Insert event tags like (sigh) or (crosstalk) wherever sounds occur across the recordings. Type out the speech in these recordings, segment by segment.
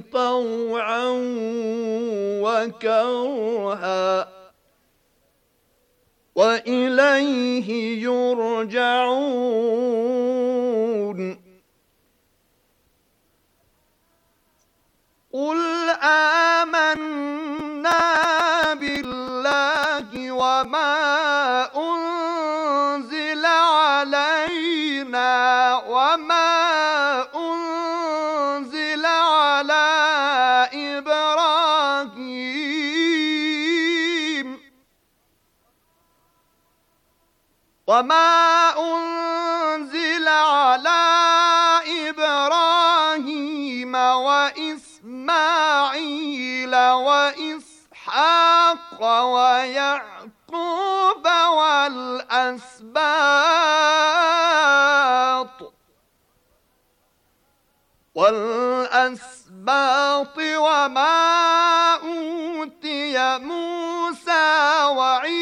طوعا وكرها وإليه يرجعون قل آه وما أنزل على إبراهيم وإسماعيل وإسحاق ويعقوب والأسباط والأسباط وما أوتي موسى وعيسى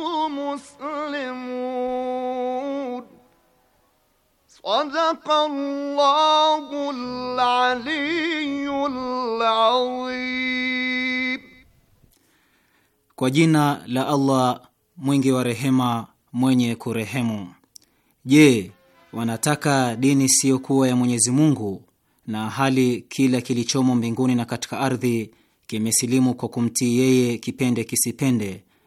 المسلمون صدق الله العلي العظيم Kwa jina la Allah mwingi wa rehema mwenye kurehemu. Je, wanataka dini siyokuwa ya Mwenyezi Mungu na hali kila kilichomo mbinguni na katika ardhi kimesilimu kwa kumtii yeye kipende kisipende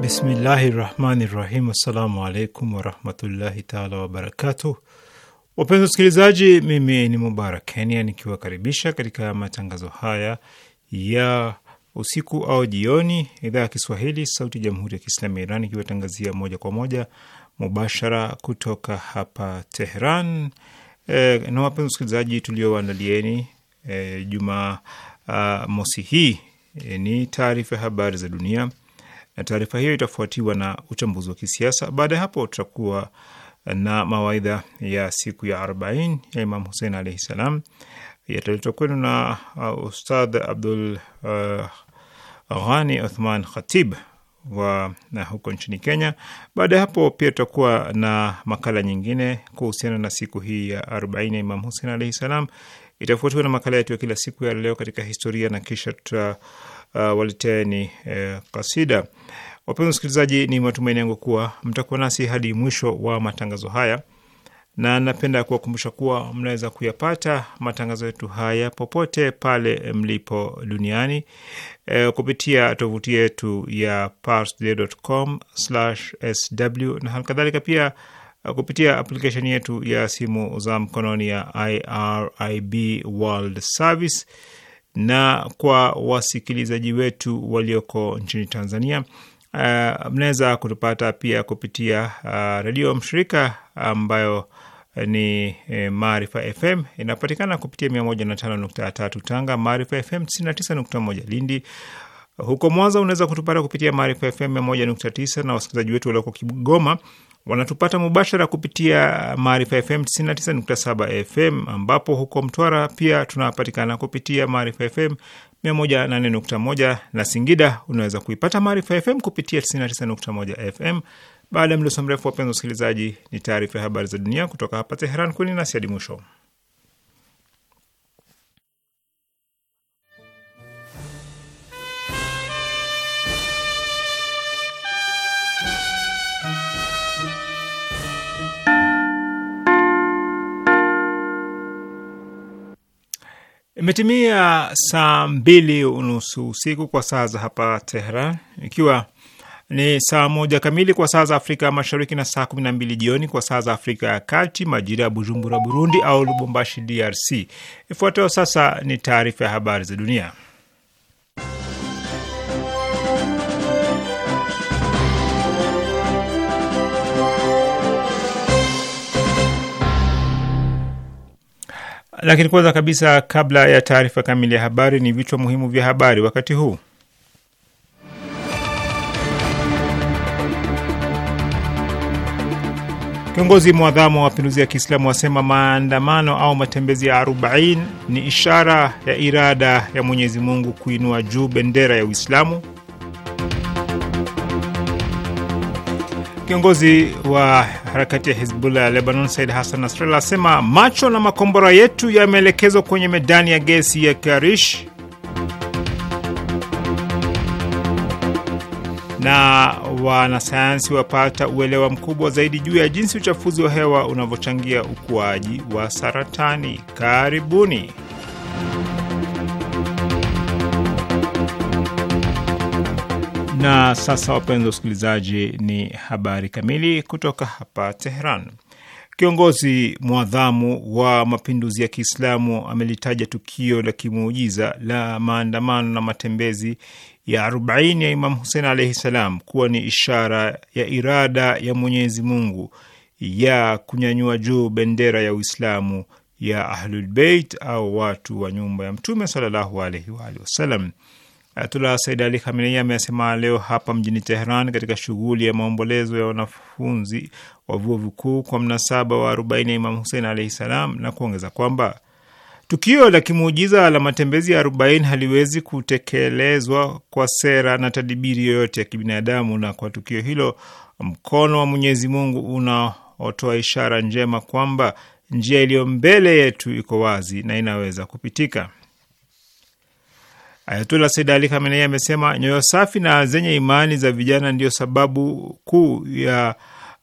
Bismillahi rahmani rahim. Assalamu alaikum warahmatullahi taala wabarakatuh. Wapenzi wasikilizaji, mimi ni Mubarak Kenya nikiwakaribisha katika matangazo haya ya usiku au jioni, idhaa ya Kiswahili sauti ya jamhuri ya Kiislamu ya Iran ikiwatangazia moja kwa moja mubashara kutoka hapa Tehran. E, eh, na wapenzi wasikilizaji, tuliowandalieni e, eh, Jumaa ah, mosi hii e, ni taarifa ya habari za dunia na taarifa hiyo itafuatiwa na uchambuzi wa kisiasa. Baada ya hapo, tutakuwa na mawaidha ya siku ya arobaini ya Imam Husein alaihi salam, yataletwa kwenu na uh, Ustadh Abdul uh, Ghani Uthman Khatib wa na huko nchini Kenya. Baada ya hapo pia tutakuwa na makala nyingine kuhusiana na siku hii ya arobaini ya Imam Husein alaihi salam, itafuatiwa na makala yetu ya kila siku ya leo katika historia na kisha tuta uh, Uh, waliteni eh, kasida. Wapenzi wasikilizaji, ni matumaini yangu kuwa mtakuwa nasi hadi mwisho wa matangazo haya, na napenda kuwakumbusha kuwa mnaweza kuyapata matangazo yetu haya popote pale mlipo duniani e, kupitia tovuti yetu ya parstoday.com/sw na halikadhalika pia kupitia aplikesheni yetu ya simu za mkononi ya IRIB World Service na kwa wasikilizaji wetu walioko nchini Tanzania, uh, mnaweza kutupata pia kupitia uh, redio mshirika ambayo uh, ni e, Maarifa FM inapatikana kupitia 105.3 Tanga, Maarifa FM 99.1 Lindi. Huko Mwanza unaweza kutupata kupitia Maarifa FM 100.9 na wasikilizaji wetu walioko Kigoma wanatupata mubashara kupitia Maarifa FM 99.7 FM, ambapo huko Mtwara pia tunapatikana kupitia Maarifa FM 108.1 na Singida unaweza kuipata Maarifa FM kupitia 99.1 FM. Baada ya mdoso mrefu, wapenzi wasikilizaji, ni taarifa ya habari za dunia kutoka hapa Teheran. Kweni nasi hadi mwisho. Imetimia saa mbili unusu usiku kwa saa za hapa Tehran, ikiwa ni saa moja kamili kwa saa za Afrika Mashariki na saa kumi na mbili jioni kwa saa za Afrika ya Kati, majira ya Bujumbura, Burundi au Lubumbashi, DRC. Ifuatayo sasa ni taarifa ya habari za dunia. Lakini kwanza kabisa, kabla ya taarifa kamili ya habari, ni vichwa muhimu vya habari wakati huu. Kiongozi mwadhamu wa mapinduzi ya Kiislamu wasema maandamano au matembezi ya arobaini ni ishara ya irada ya Mwenyezi Mungu kuinua juu bendera ya Uislamu. Kiongozi wa harakati ya Hizbullah ya Lebanon Said Hassan Nasrallah asema macho na makombora yetu yameelekezwa kwenye medani ya gesi ya Karish. na wanasayansi wapata uelewa mkubwa zaidi juu ya jinsi uchafuzi wa hewa unavyochangia ukuaji wa saratani. Karibuni. Na sasa, wapenzi wa usikilizaji, ni habari kamili kutoka hapa Teheran. Kiongozi mwadhamu wa mapinduzi ya Kiislamu amelitaja tukio la kimuujiza la maandamano na matembezi ya 40 ya Imam Husein alaihi salam kuwa ni ishara ya irada ya Mwenyezi Mungu ya kunyanyua juu bendera ya Uislamu ya Ahlulbeit au watu wa nyumba ya Mtume sallallahu alaihi waalihi wasalam. Ayatullah Said Ali Khamenei amesema leo hapa mjini teheran katika shughuli ya maombolezo ya wanafunzi wa vyuo vikuu kwa mnasaba wa arobaini ya Imam Husein alaihi salam, na kuongeza kwamba tukio la kimuujiza la matembezi ya arobaini haliwezi kutekelezwa kwa sera na tadibiri yoyote ya kibinadamu, na kwa tukio hilo mkono wa Mwenyezi Mungu unaotoa ishara njema kwamba njia iliyo mbele yetu iko wazi na inaweza kupitika. Ayatullah Said Ali Khamenei amesema nyoyo safi na zenye imani za vijana ndiyo sababu kuu ya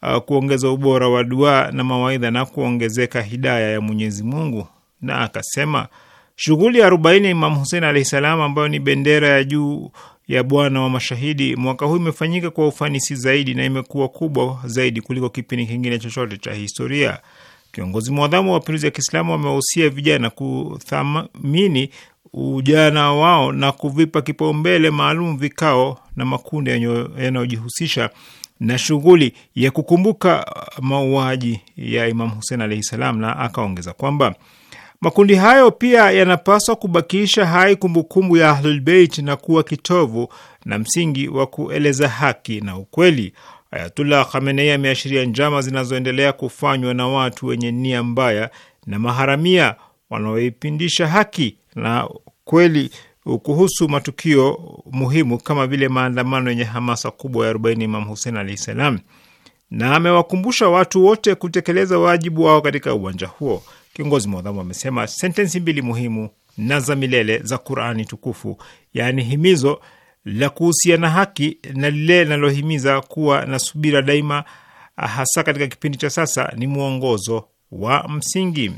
uh, kuongeza ubora wa dua na mawaidha na kuongezeka hidaya ya Mwenyezi Mungu, na akasema shughuli ya arobaini ya Imam Husein alahi salam, ambayo ni bendera ya juu ya Bwana wa mashahidi, mwaka huu imefanyika kwa ufanisi zaidi na imekuwa kubwa zaidi kuliko kipindi kingine chochote cha historia. Kiongozi mwadhamu wa mapinduzi ya Kiislamu wamewahusia vijana kuthamini ujana wao na kuvipa kipaumbele maalum vikao na makundi yanayojihusisha na shughuli ya kukumbuka mauaji ya Imam Hussein alaihi salam, na akaongeza kwamba makundi hayo pia yanapaswa kubakisha hai kumbukumbu ya Ahlulbeit na kuwa kitovu na msingi wa kueleza haki na ukweli. Ayatullah Khamenei ameashiria njama zinazoendelea kufanywa na watu wenye nia mbaya na maharamia wanaoipindisha haki na kweli kuhusu matukio muhimu kama vile maandamano yenye hamasa kubwa ya 40 Imam Hussein alahi salam, na amewakumbusha watu wote kutekeleza wajibu wao katika uwanja huo. Kiongozi mwadhamu amesema sentensi mbili muhimu na za milele za Qurani tukufu, yaani himizo la kuhusiana haki na lile linalohimiza kuwa na subira daima, hasa katika kipindi cha sasa, ni mwongozo wa msingi.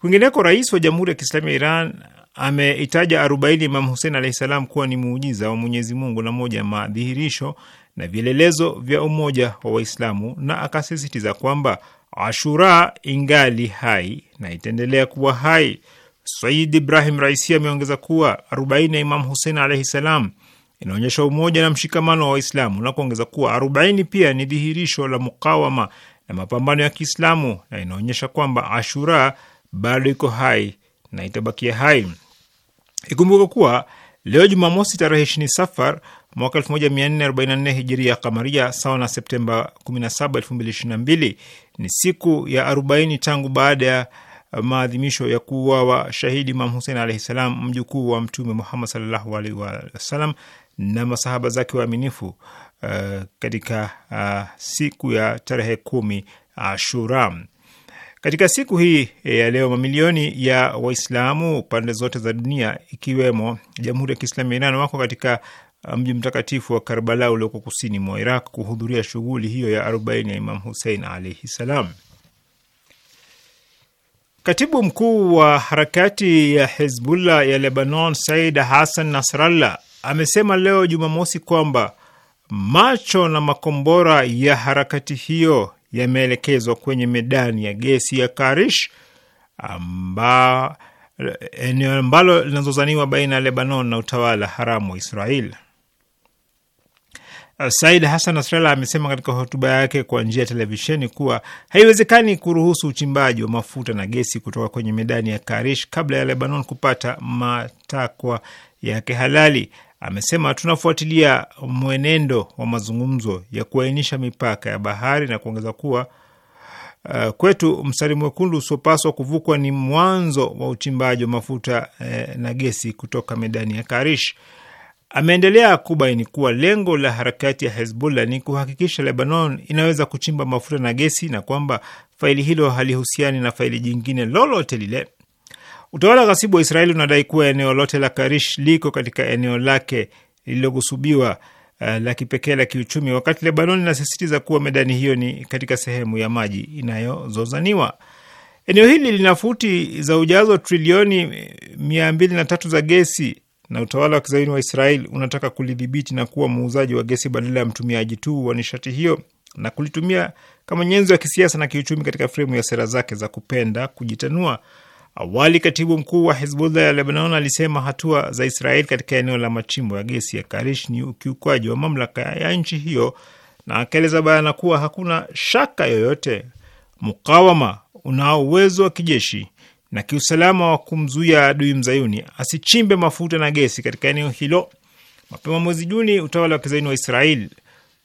Kwingineko, rais wa Jamhuri ya Kiislamu ya Iran ameitaja arobaini Imam Husein alahi salam kuwa ni muujiza wa Mwenyezi Mungu na moja ya madhihirisho na vielelezo vya umoja wa Waislamu, na akasisitiza kwamba Ashura ingali hai na itaendelea kuwa hai. Said Ibrahim Raisi ameongeza kuwa arobaini ya Imam Husein alahi salam inaonyesha umoja na mshikamano wa Waislamu na kuongeza kuwa arobaini pia ni dhihirisho la mukawama na mapambano ya Kiislamu na inaonyesha kwamba Ashura bado iko hai na itabakia hai. Ikumbuka kuwa leo Jumamosi tarehe ishini Safar mwaka 1444 hijiria kamaria sawa na Septemba 17, 2022 ni siku ya 40 tangu baada ya maadhimisho ya kuuawa shahidi Imam Husein alaihi salam, mjukuu wa Mtume Muhammad sallallahu alaihi wasallam na masahaba zake waaminifu uh, katika uh, siku ya tarehe kumi Ashura. Katika siku hii e, ya leo, mamilioni ya Waislamu pande zote za dunia, ikiwemo Jamhuri ya Kiislamu ya Iran, wako katika uh, mji mtakatifu wa Karbala ulioko kusini mwa Iraq kuhudhuria shughuli hiyo ya arobaini ya Imam Husein alaihi salam. Katibu mkuu wa harakati ya Hezbullah ya Lebanon Said Hassan Nasrallah amesema leo Jumamosi kwamba macho na makombora ya harakati hiyo yameelekezwa kwenye medani ya gesi ya Karish amba eneo ambalo linazozaniwa baina ya Lebanon na utawala haramu wa Israel. Said Hassan Nasrallah amesema katika hotuba yake kwa njia ya televisheni kuwa haiwezekani kuruhusu uchimbaji wa mafuta na gesi kutoka kwenye medani ya Karish kabla ya Lebanon kupata matakwa yake halali amesema tunafuatilia mwenendo wa mazungumzo ya kuainisha mipaka ya bahari na kuongeza kuwa uh, kwetu mstari mwekundu usiopaswa kuvukwa ni mwanzo wa uchimbaji wa mafuta eh, na gesi kutoka medani ya Karish. Ameendelea kubaini kuwa lengo la harakati ya Hezbollah ni kuhakikisha Lebanon inaweza kuchimba mafuta na gesi na kwamba faili hilo halihusiani na faili jingine lolote lile Utawala wa ghasibu wa Israeli unadai kuwa eneo lote la Karish liko katika eneo lake lililogusubiwa uh, la kipekee la kiuchumi, wakati Lebanon inasisitiza kuwa medani hiyo ni katika sehemu ya maji inayozozaniwa. Eneo hili lina futi za ujazo trilioni eh, mia mbili na tatu za gesi na utawala wa kizayuni wa Israel unataka kulidhibiti na kuwa muuzaji wa gesi badala ya mtumiaji tu wa nishati hiyo na kulitumia kama nyenzo ya kisiasa na kiuchumi katika fremu ya sera zake za kupenda kujitanua. Awali katibu mkuu wa Hizbullah ya Lebanon alisema hatua za israel katika eneo la machimbo ya gesi ya Karish ni ukiukwaji wa mamlaka ya nchi hiyo, na akaeleza bayana kuwa hakuna shaka yoyote mukawama unao uwezo wa kijeshi na kiusalama wa kumzuia adui mzayuni asichimbe mafuta na gesi katika eneo hilo. Mapema mwezi Juni, utawala wa kizaini wa Israel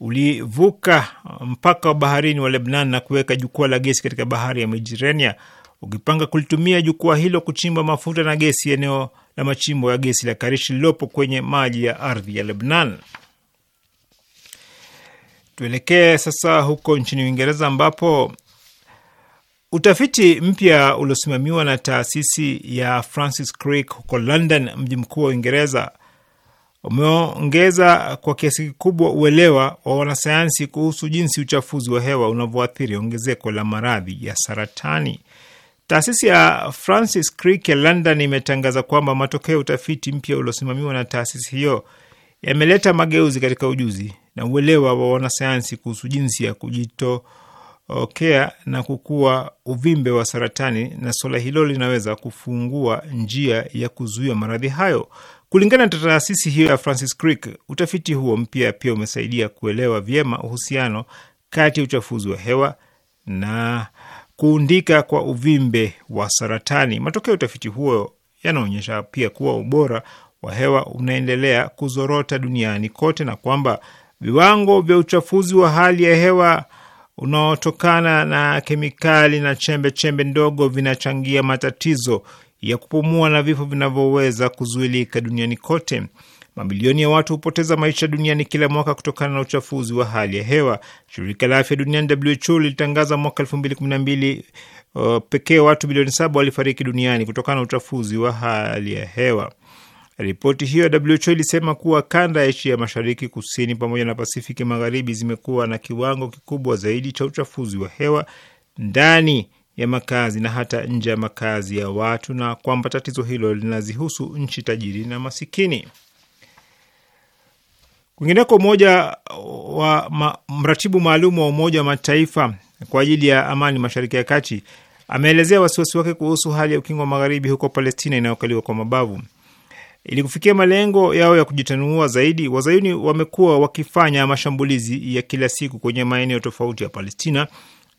ulivuka mpaka wa baharini wa Lebnan na kuweka jukwaa la gesi katika bahari ya Mediterania ukipanga kulitumia jukwaa hilo kuchimba mafuta na gesi eneo la machimbo ya gesi la Karish lililopo kwenye maji ya ardhi ya Lebnan. Tuelekee sasa huko nchini Uingereza ambapo utafiti mpya uliosimamiwa na taasisi ya Francis Crick huko London, mji mkuu wa Uingereza, umeongeza kwa kiasi kikubwa uelewa wa wanasayansi kuhusu jinsi uchafuzi wa hewa unavyoathiri ongezeko la maradhi ya saratani. Taasisi ya Francis Crick ya London imetangaza kwamba matokeo ya utafiti mpya uliosimamiwa na taasisi hiyo yameleta mageuzi katika ujuzi na uelewa wa wanasayansi kuhusu jinsi ya kujitokea na kukua uvimbe wa saratani, na suala hilo linaweza kufungua njia ya kuzuia maradhi hayo. Kulingana na taasisi hiyo ya Francis Crick, utafiti huo mpya pia umesaidia kuelewa vyema uhusiano kati ya uchafuzi wa hewa na kuundika kwa uvimbe wa saratani. Matokeo ya utafiti huo yanaonyesha pia kuwa ubora wa hewa unaendelea kuzorota duniani kote na kwamba viwango vya uchafuzi wa hali ya hewa unaotokana na kemikali na chembe chembe ndogo vinachangia matatizo ya kupumua na vifo vinavyoweza kuzuilika duniani kote. Mamilioni ya watu hupoteza maisha duniani kila mwaka kutokana na uchafuzi wa hali ya hewa. Shirika la afya duniani WHO lilitangaza mwaka elfu mbili kumi na mbili uh, pekee watu bilioni saba walifariki duniani kutokana na uchafuzi wa hali ya hewa. Ripoti hiyo ya WHO ilisema kuwa kanda ya Asia Mashariki, Kusini pamoja na Pasifiki Magharibi zimekuwa na kiwango kikubwa zaidi cha uchafuzi wa hewa ndani ya makazi na hata nje ya makazi ya watu na kwamba tatizo hilo linazihusu nchi tajiri na masikini. Kwingineko, umoja wa ma, mratibu maalum wa Umoja wa Mataifa kwa ajili ya amani Mashariki ya Kati ameelezea wasiwasi wake kuhusu hali ya ukingo wa magharibi huko Palestina inayokaliwa kwa mabavu. Ili kufikia malengo yao ya kujitanua zaidi, wazayuni wamekuwa wakifanya mashambulizi ya kila siku kwenye maeneo tofauti ya Palestina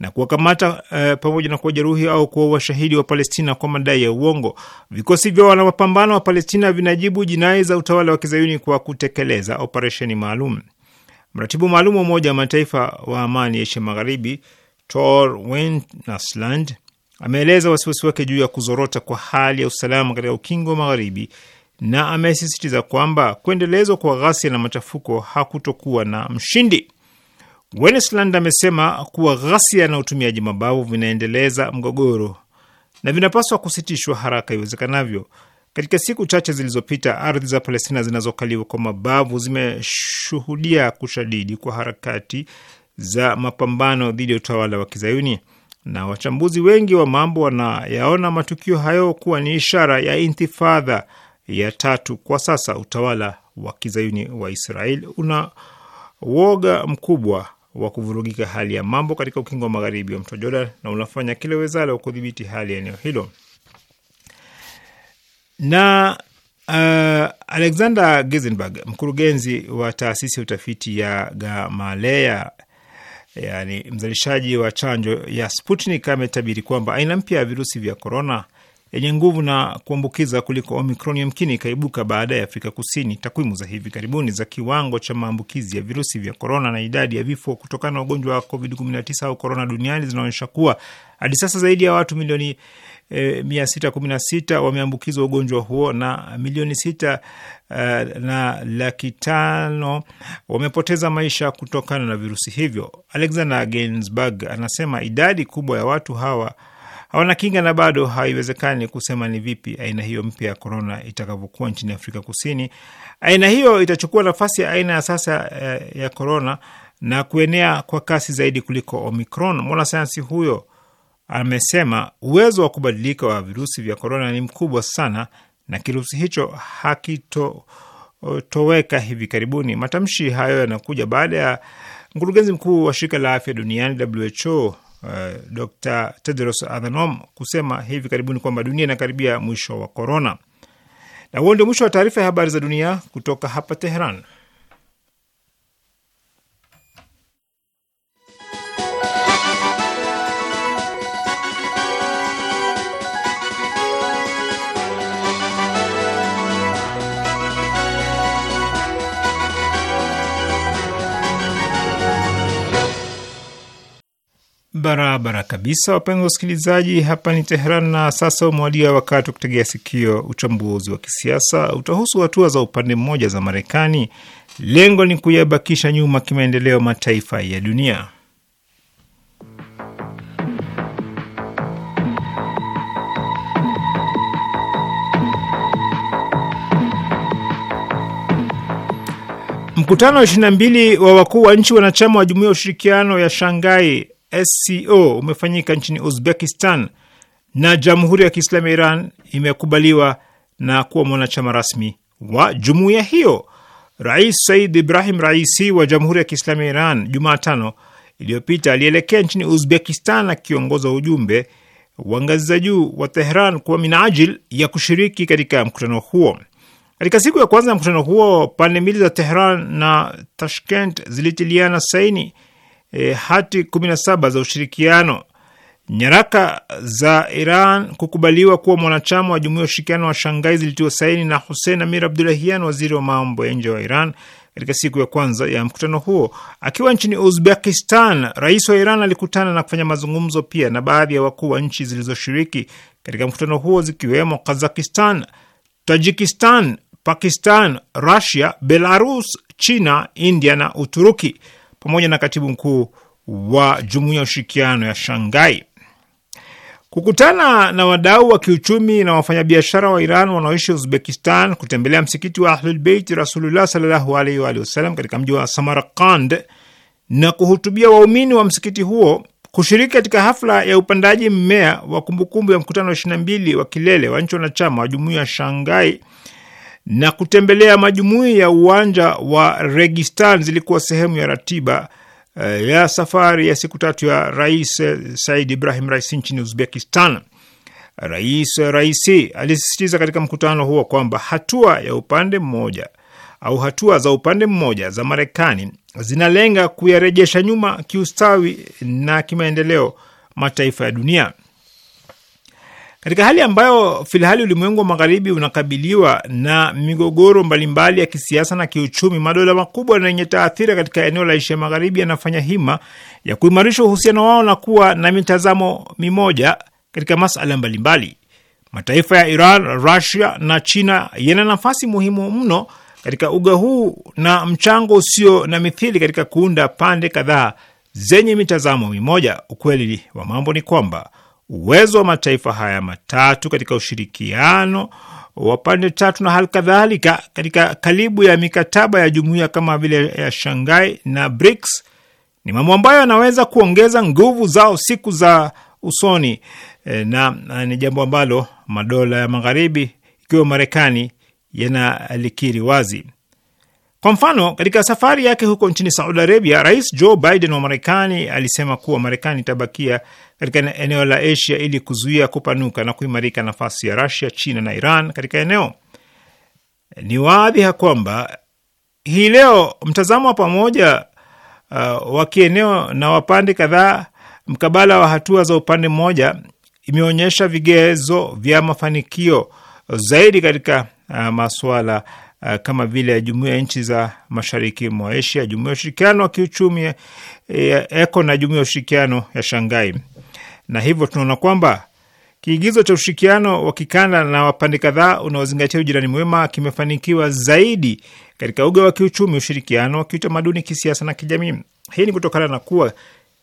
na kuwakamata e, pamoja na kuwajeruhi au kuwa washahidi wa Palestina kwa madai ya uongo. Vikosi vya wanamapambano wa Palestina vinajibu jinai za utawala wa kizayuni kwa kutekeleza operesheni maalum. Mratibu maalum wa Umoja wa Mataifa wa amani ya Asia Magharibi Tor Wennesland ameeleza wasiwasi wake juu ya kuzorota kwa hali ya usalama katika ukingo wa Magharibi na amesisitiza kwamba kuendelezwa kwa ghasia na machafuko hakutokuwa na mshindi. Wennesland amesema kuwa ghasia na utumiaji mabavu vinaendeleza mgogoro na vinapaswa kusitishwa haraka iwezekanavyo. Katika siku chache zilizopita, ardhi za Palestina zinazokaliwa kwa mabavu zimeshuhudia kushadidi kwa harakati za mapambano dhidi ya utawala wa Kizayuni, na wachambuzi wengi wa mambo wanayaona matukio hayo kuwa ni ishara ya intifadha ya tatu. Kwa sasa utawala wa Kizayuni wa Israeli una woga mkubwa wa kuvurugika hali ya mambo katika ukingo wa magharibi wa mto Jordan na unafanya kile wezalo kudhibiti hali ya eneo hilo. Na uh, Alexander gisenberg mkurugenzi wa taasisi ya utafiti ya Gamaleya, yani mzalishaji wa chanjo ya Sputnik, ametabiri kwamba aina mpya ya virusi vya korona yenye nguvu na kuambukiza kuliko Omicron yamkini ikaibuka baada ya Afrika Kusini. Takwimu za hivi karibuni za kiwango cha maambukizi ya virusi vya korona na idadi ya vifo kutokana na ugonjwa wa COVID-19 au korona duniani zinaonyesha kuwa hadi sasa zaidi ya watu milioni e, eh, 616 wameambukizwa ugonjwa huo na milioni 6 uh, eh, na laki tano wamepoteza maisha kutokana na virusi hivyo. Alexander gensburg anasema idadi kubwa ya watu hawa hawana kinga na bado haiwezekani kusema ni vipi aina hiyo mpya ya korona itakavyokuwa nchini Afrika Kusini. Aina hiyo itachukua nafasi ya aina ya sasa eh, ya korona na kuenea kwa kasi zaidi kuliko Omicron. Mwanasayansi huyo amesema uwezo wa kubadilika wa virusi vya korona ni mkubwa sana na kirusi hicho hakitotoweka hivi karibuni. Matamshi hayo yanakuja baada ya mkurugenzi mkuu wa shirika la afya duniani WHO uh, eh, Dr. Tedros Adhanom kusema hivi karibuni kwamba dunia inakaribia mwisho wa korona. Na huo ndio mwisho wa taarifa ya habari za dunia kutoka hapa Teheran. barabara kabisa, wapenzi wasikilizaji, hapa ni Teheran na sasa umewadia wakati wa kutegea sikio. Uchambuzi wa kisiasa utahusu hatua za upande mmoja za Marekani, lengo ni kuyabakisha nyuma kimaendeleo mataifa ya dunia. Mkutano wa 22 wa wakuu wa nchi wanachama wa jumuiya ya ushirikiano ya Shangai SCO umefanyika nchini Uzbekistan na Jamhuri ya Kiislamu ya Iran imekubaliwa na kuwa mwanachama rasmi wa jumuiya hiyo. Rais Said Ibrahim Raisi wa Jamhuri ya Kiislamu ya Iran Jumatano iliyopita alielekea nchini Uzbekistan akiongoza ujumbe wa ngazi za juu wa Tehran kwa minajil ya kushiriki katika mkutano huo. Katika siku ya kwanza ya mkutano huo, pande mbili za Tehran na Tashkent zilitiliana saini e, hati 17 za ushirikiano nyaraka za Iran kukubaliwa kuwa mwanachama wa jumuiya ya ushirikiano wa Shanghai zilitiwa saini na Hussein Amir Abdulahian, waziri wa mambo ya nje wa Iran, katika siku ya kwanza ya mkutano huo. Akiwa nchini Uzbekistan, rais wa Iran alikutana na kufanya mazungumzo pia na baadhi ya wakuu wa nchi zilizoshiriki katika mkutano huo, zikiwemo Kazakistan, Tajikistan, Pakistan, Rusia, Belarus, China, India na Uturuki pamoja na katibu mkuu wa jumuiya ya ushirikiano ya Shangai kukutana na wadau wa kiuchumi na wafanyabiashara wa Iran wanaoishi Uzbekistan, kutembelea msikiti wa Ahlulbeit Rasulullah sallallahu alaihi wa katika mji wa Samarkand na kuhutubia waumini wa msikiti huo, kushiriki katika hafla ya upandaji mmea wa kumbukumbu ya mkutano wa 22 wa kilele wa nchi wanachama wa jumuiya ya Shangai na kutembelea majumui ya uwanja wa Registan zilikuwa sehemu ya ratiba eh, ya safari ya siku tatu ya Rais eh, Said Ibrahim Raisi nchini Uzbekistan. Rais Raisi alisisitiza katika mkutano huo kwamba hatua ya upande mmoja au hatua za upande mmoja za Marekani zinalenga kuyarejesha nyuma kiustawi na kimaendeleo mataifa ya dunia. Katika hali ambayo filhali ulimwengu wa magharibi unakabiliwa na migogoro mbalimbali ya kisiasa na kiuchumi, madola makubwa na yenye taathira katika eneo la Asia Magharibi yanafanya hima ya kuimarisha uhusiano wao na kuwa na mitazamo mimoja katika masala mbalimbali. Mataifa ya Iran, Rusia na China yana nafasi muhimu mno katika uga huu na mchango usio na mithili katika kuunda pande kadhaa zenye mitazamo mimoja. Ukweli wa mambo ni kwamba uwezo wa mataifa haya matatu katika ushirikiano wa pande tatu na hali kadhalika katika kalibu ya mikataba ya jumuiya kama vile ya Shanghai na BRICS ni mambo ambayo yanaweza kuongeza nguvu zao siku za usoni e, na, na ni jambo ambalo madola ya magharibi ikiwa Marekani yanalikiri wazi. Kwa mfano, katika safari yake huko nchini Saudi Arabia, Rais Joe Biden wa Marekani alisema kuwa Marekani itabakia katika eneo la Asia ili kuzuia kupanuka na kuimarika nafasi ya Rusia, China na Iran katika eneo. Ni waadhi ya kwamba hii leo mtazamo wa pamoja uh, wa kieneo na wapande kadhaa mkabala wa hatua za upande mmoja imeonyesha vigezo vya mafanikio zaidi katika uh, masuala uh, kama vile jumuiya ya nchi za mashariki mwa Asia, jumuiya ya ushirikiano wa kiuchumi ya eh, eko na jumuiya ya ushirikiano ya Shangai. Na hivyo tunaona kwamba kiigizo cha ushirikiano wa kikanda na wapande kadhaa unaozingatia ujirani mwema kimefanikiwa zaidi katika uga wa kiuchumi, ushirikiano wa kiutamaduni, kisiasa na kijamii. Hii ni kutokana na kuwa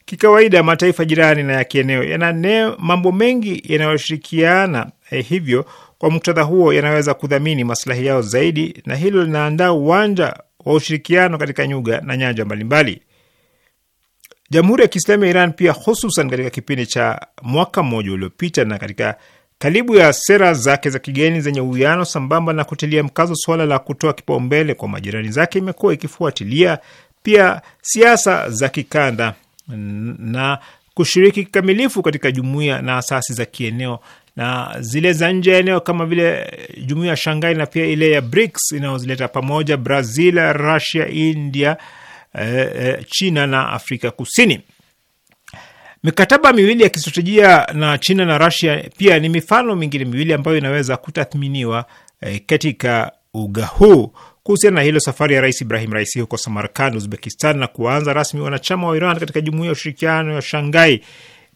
kikawaida mataifa jirani na ya kieneo yana mambo mengi yanayoshirikiana eh, hivyo kwa muktadha huo, yanaweza kudhamini maslahi yao zaidi, na hilo linaandaa uwanja wa ushirikiano katika nyuga na nyanja mbalimbali. Jamhuri ya Kiislamu ya Iran pia, hususan katika kipindi cha mwaka mmoja uliopita na katika karibu ya sera zake za kigeni zenye uwiano sambamba na kutilia mkazo suala la kutoa kipaumbele kwa majirani zake, imekuwa ikifuatilia pia siasa za kikanda na kushiriki kikamilifu katika jumuiya na asasi za kieneo na zile za nje ya eneo kama vile jumuiya ya Shanghai na pia ile ya BRICS inayozileta pamoja Brazil, Russia, India, eh, eh, China na Afrika Kusini. Mikataba miwili ya kistratejia na China na Russia pia ni mifano mingine miwili ambayo inaweza kutathminiwa eh, katika uga huu. Kuhusiana na hilo, safari ya Rais Ibrahim Raisi huko Samarkand, Uzbekistan, na kuanza rasmi wanachama wa Iran katika jumuiya ya ushirikiano ya Shanghai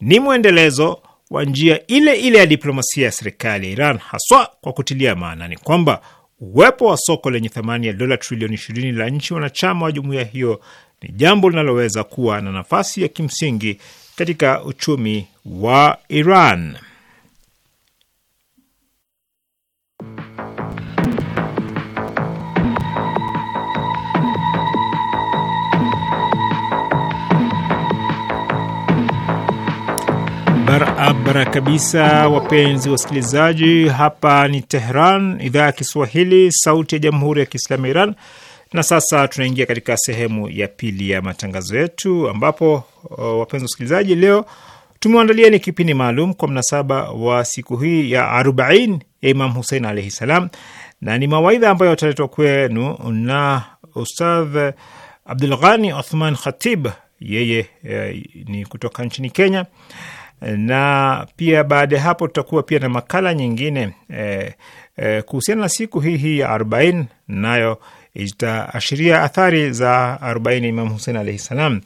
ni mwendelezo wa njia ile ile ya diplomasia ya serikali ya Iran, haswa kwa kutilia maanani kwamba uwepo wa soko lenye thamani ya dola trilioni ishirini la nchi wanachama wa jumuiya hiyo ni jambo linaloweza kuwa na nafasi ya kimsingi katika uchumi wa Iran. Barabara kabisa, wapenzi wasikilizaji, hapa ni Tehran, idhaa ya Kiswahili, sauti ya jamhuri ya kiislamu ya Iran. Na sasa tunaingia katika sehemu ya pili ya matangazo yetu, ambapo wapenzi wasikilizaji, leo tumewaandalia ni kipindi maalum kwa mnasaba wa siku hii ya arobaini ya Imam Husein alaihi salam, na ni mawaidha ambayo yataletwa kwenu na Ustadh Abdul Ghani Othman Khatib, yeye eh, ni kutoka nchini Kenya na pia baada ya hapo tutakuwa pia na makala nyingine e, e, kuhusiana na siku hii hii ya arobaini, nayo itaashiria athari za arobaini Imam Husein alaihi salam.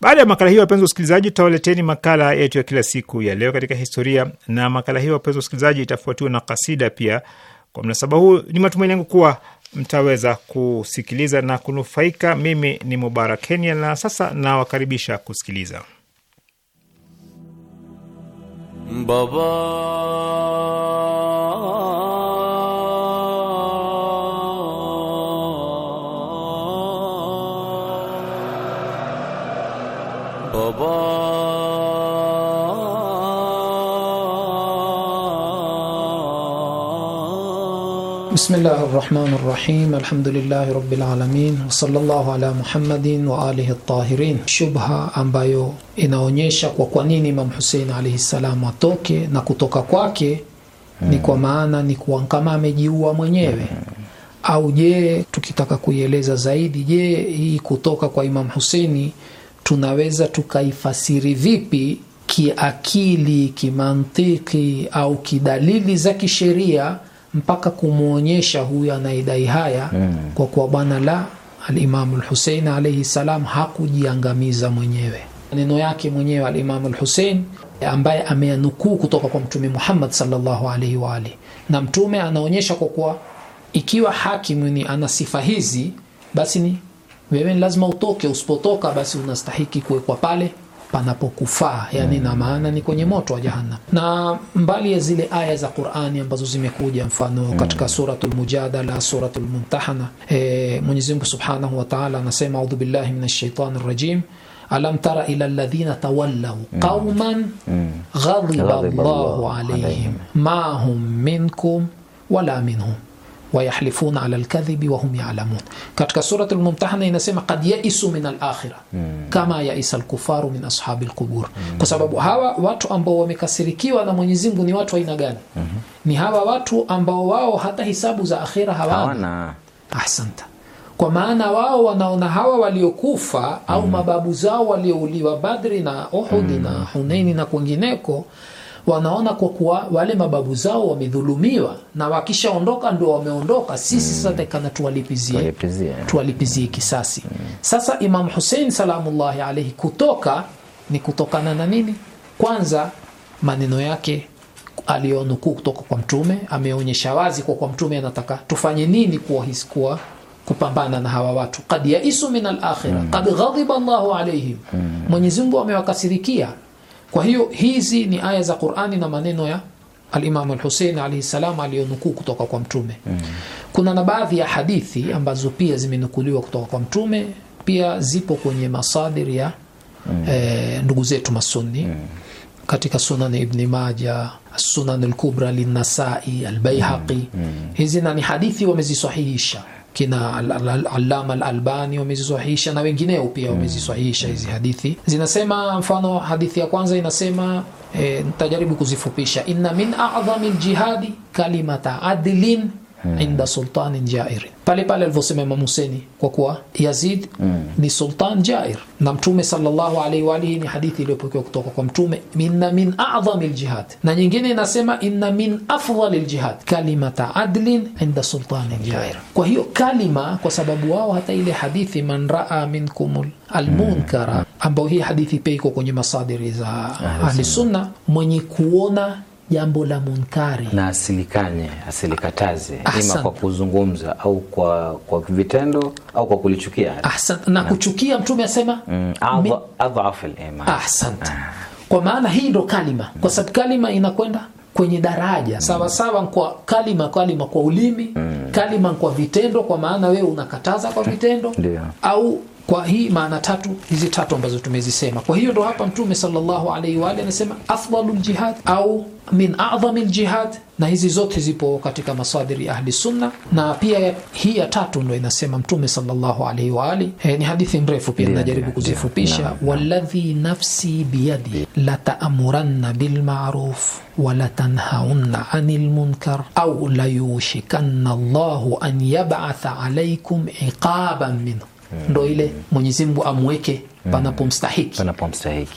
Baada ya makala hiyo, wapenzi wasikilizaji, tutawaleteni makala yetu ya kila siku ya leo katika historia, na makala hiyo, wapenzi wasikilizaji, itafuatiwa na kasida pia. Kwa mnasaba huu, ni matumaini yangu kuwa mtaweza kusikiliza na kunufaika. Mimi ni Mubarak Kenya, na sasa nawakaribisha kusikiliza Baba Baba بسم الله الرحمن الرحيم الحمد لله رب العالمين وصلى الله على محمد وآله الطاهرين shubha ambayo inaonyesha kwa kwa nini Imam Hussein alayhi salam atoke na kutoka kwake ni kwa maana ni kwa kama amejiua mwenyewe au je tukitaka kuieleza zaidi je hii kutoka kwa Imam Huseini tunaweza tukaifasiri vipi kiakili kimantiki au kidalili za kisheria mpaka kumwonyesha huyu anayedai haya yeah. kwa kuwa bwana la alimamu lhusein alaihi salam hakujiangamiza mwenyewe neno yake mwenyewe alimamu lhusein ambaye ameyanukuu kutoka kwa mtume muhammad salllahu alaihi waalihi na mtume anaonyesha kwa kuwa ikiwa hakimni ana sifa hizi basi ni wewe lazima utoke usipotoka basi unastahiki kuwekwa pale panapokufaa, yani na maana ni kwenye moto wa jahannam. Na mbali ya zile aya za Qur'ani ambazo zimekuja mfano hmm. katika suratul Mujadala, suratul Mumtahana, e, Mwenyezi Subhanahu wa Ta'ala anasema a'udhu billahi min shaitani rajim alam tara ila tawallau mm. qauman hmm. ghadiba llahu alaihim ma hum minkum wala minhum wayahlifuna ala lkadhibi wahum yalamun katika surat lmumtahana inasema kad yaisu min alakhira mm. kama yaisa lkufaru min ashabi lqubur mm. kwa sababu hawa watu ambao wamekasirikiwa na mwenyezimgu ni watu aina gani mm-hmm. ni hawa watu ambao wao hata hisabu za akhira hawana ahsanta kwa maana wao wanaona hawa waliokufa au mm. mababu zao waliouliwa badri na uhudi mm. na huneini na kwengineko wanaona kwa kuwa wale mababu zao wamedhulumiwa na wakishaondoka ndio wameondoka, sisi hmm. sasa takana tuwalipizie, tuwalipizie kisasi. Hmm. Sasa Imam Hussein salamullahi alayhi kutoka ni kutokana na nini? Kwanza maneno yake aliyonukuu kutoka kwa Mtume ameonyesha wazi kwa kwa Mtume anataka tufanye nini kuwa hisikuwa kupambana na hawa watu, qad yaisu min al-akhirah, hmm. qad ghadiba Allahu alayhim, Mwenyezi Mungu amewakasirikia kwa hiyo hizi ni aya za Qur'ani na maneno ya Al-Imam Al-Hussein alayhi salam aliyonukuu kutoka kwa Mtume. Mm. Kuna na baadhi ya hadithi ambazo pia zimenukuliwa kutoka kwa Mtume, pia zipo kwenye masadiri ya mm. e, ndugu zetu Masunni. Mm. katika Sunan Ibn Majah, Sunan Al-Kubra lin-Nasa'i, al Mm. Mm. Hizi na ni hadithi wamezisahihisha kina alama al-Albani wamezisahihisha na wengineo pia hmm. wamezisahihisha hizi hadithi. Zinasema mfano hadithi ya kwanza inasema eh, nitajaribu kuzifupisha, inna min a'dhamil ljihadi kalimata adlin mm. inda sultanin jair pale pale alivyosema huseni kwa kuwa Yazid mm. ni sultan jair na mtume sallallahu alaihi wa alihi ni hadithi iliyopokewa kutoka kwa mtume inna min a'zami ljihad na nyingine inasema inna min afdhali aljihad kalimata adlin inda sultanin mm. jair kwa hiyo kalima kwa sababu wao hata ile hadithi man raa minkum almunkara mm. ambayo hii hadithi pia iko kwenye masadiri za ahli sunna mwenye kuona jambo la munkari na asilikanye, asilikataze ima kwa kuzungumza au kwa, kwa vitendo au kwa kulichukia. Ahsanta. Na kuchukia Mtume asema mm, adhafu al-iman. Ahsanta. Ah. Kwa maana hii ndo kalima, kwa sababu kalima inakwenda kwenye daraja mm. sawa sawa kwa kalima kalima kwa ulimi mm. kalima kwa vitendo, kwa maana wewe unakataza kwa (laughs) vitendo au kwa hii maana tatu hizi tatu ambazo tumezisema kwa hiyo ndo hapa mtume sallallahu alaihi wa anasema afdalul jihad au min a'dhamil ljihad na hizi zote zipo katika masadiri ahli sunna na pia hii ya tatu ndo inasema mtume sallallahu alaihi wa e, ni hadithi mrefu pia najaribu kuzifupisha walladhi nafsi biyadi la ta'muranna bil ma'ruf wa la tanhaunna 'anil munkar au la yushikanna Allahu an yab'atha alaykum iqaban minhu ndo ile Mwenyezi amweke panapomstahiki panapomstahiki.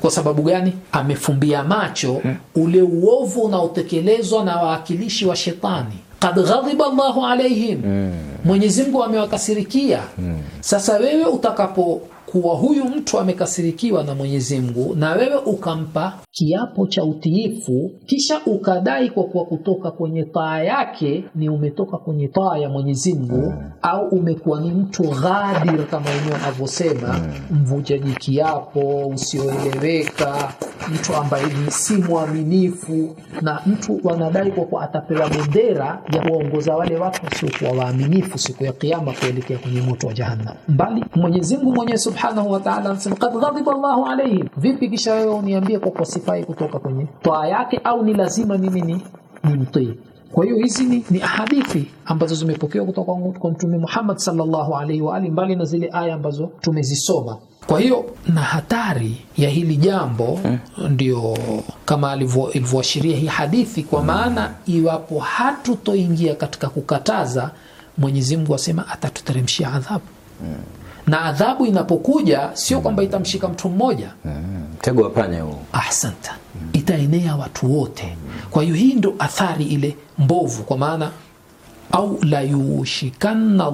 Kwa sababu gani? Amefumbia macho hmm. ule uovu unaotekelezwa na wawakilishi wa shetani kad ghadhiba llahu alaihim, hmm. Mwenyezi amewakasirikia. Hmm. Sasa wewe utakapo kuwa huyu mtu amekasirikiwa na Mwenyezi Mungu, na wewe ukampa kiapo cha utiifu, kisha ukadai kwa kuwa kutoka kwenye taa yake ni umetoka kwenye taa ya Mwenyezi Mungu, mm. au umekuwa ni mtu ghadir kama wenyewe anavyosema mm. mvujaji kiapo, usioeleweka, mtu ambaye ni si mwaminifu, na mtu wanadai kwa kuwa atapewa bendera ya kuongoza wale watu wasiokuwa waaminifu siku ya Kiyama kuelekea kwenye moto wa Jahannam. Mbali Mwenyezi Mungu mwenyewe subhanahu wa ta'ala anasema qad ghadiba Allah alayhim vipi kisha wewe uniambie kwa kusifai kutoka kwenye toa yake au ni lazima mimi ni nimtii kwa hiyo hizi ni, ni hadithi ambazo zimepokewa kutoka kwa Mtume Muhammad sallallahu alayhi wa alihi mbali na zile aya ambazo tumezisoma. Kwa hiyo na hatari ya hili jambo hmm, ndio kama alivyoashiria hii hadithi, kwa maana iwapo hatutoingia katika kukataza, Mwenyezi Mungu asema atatuteremshia adhabu hmm na adhabu inapokuja sio mm. kwamba itamshika mtu mmoja mtego hmm. mm. wa panya huo asante mm. itaenea watu wote hmm. kwa hiyo hii ndo athari ile mbovu kwa maana au la yushikanna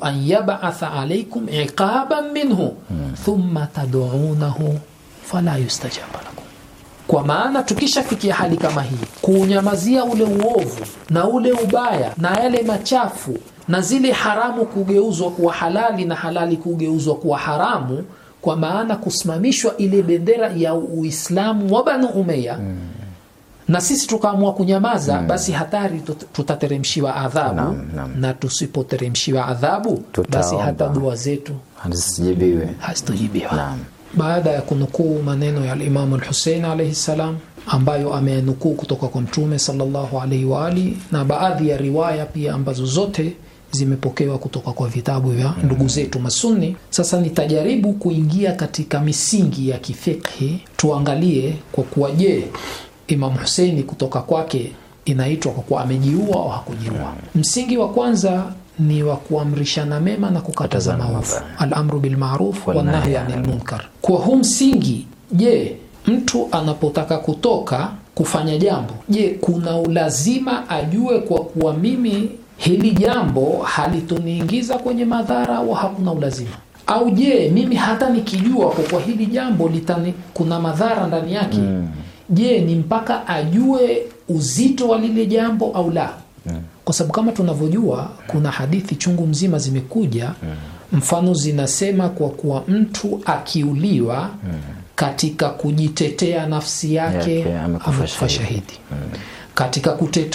an yab'atha alaikum iqaban minhu mm. thumma tad'unahu fala yustajaba lakum kwa maana tukishafikia hali kama hii kuunyamazia ule uovu na ule ubaya na yale machafu na zile haramu kugeuzwa kuwa halali na halali kugeuzwa kuwa haramu kwa maana kusimamishwa ile bendera ya Uislamu wa Banu Umayya mm. na sisi tukaamua kunyamaza mm. basi hatari tutateremshiwa adhabu na tusipoteremshiwa adhabu Tuta basi hata dua zetu hazisijibiwe hazitojibiwa baada ya kunukuu maneno ya Imam al-Hussein alayhi salam ambayo ameanukuu kutoka kwa Mtume sallallahu alaihi wa ali na baadhi ya riwaya pia ambazo zote zimepokewa kutoka kwa vitabu vya ndugu zetu Masuni. Sasa nitajaribu kuingia katika misingi ya kifikhi, tuangalie kwa kuwa, je, Imam Huseini kutoka kwake inaitwa kwa kuwa amejiua au hakujiua? Msingi wa kwanza ni wa kuamrishana mema na kukataza maovu, alamru bilmaruf wanahyi anil munkar. Kwa huu msingi, je, mtu anapotaka kutoka kufanya jambo, je, kuna ulazima ajue kwa kuwa mimi hili jambo halitoniingiza kwenye madhara au hakuna ulazima au je mimi hata nikijua kwa kwa hili jambo litani, kuna madhara ndani yake mm. je ni mpaka ajue uzito wa lile jambo au la mm. kwa sababu kama tunavyojua kuna hadithi chungu mzima zimekuja mm. mfano zinasema kwa kuwa mtu akiuliwa mm. katika kujitetea nafsi yake amekufa shahidi mm katika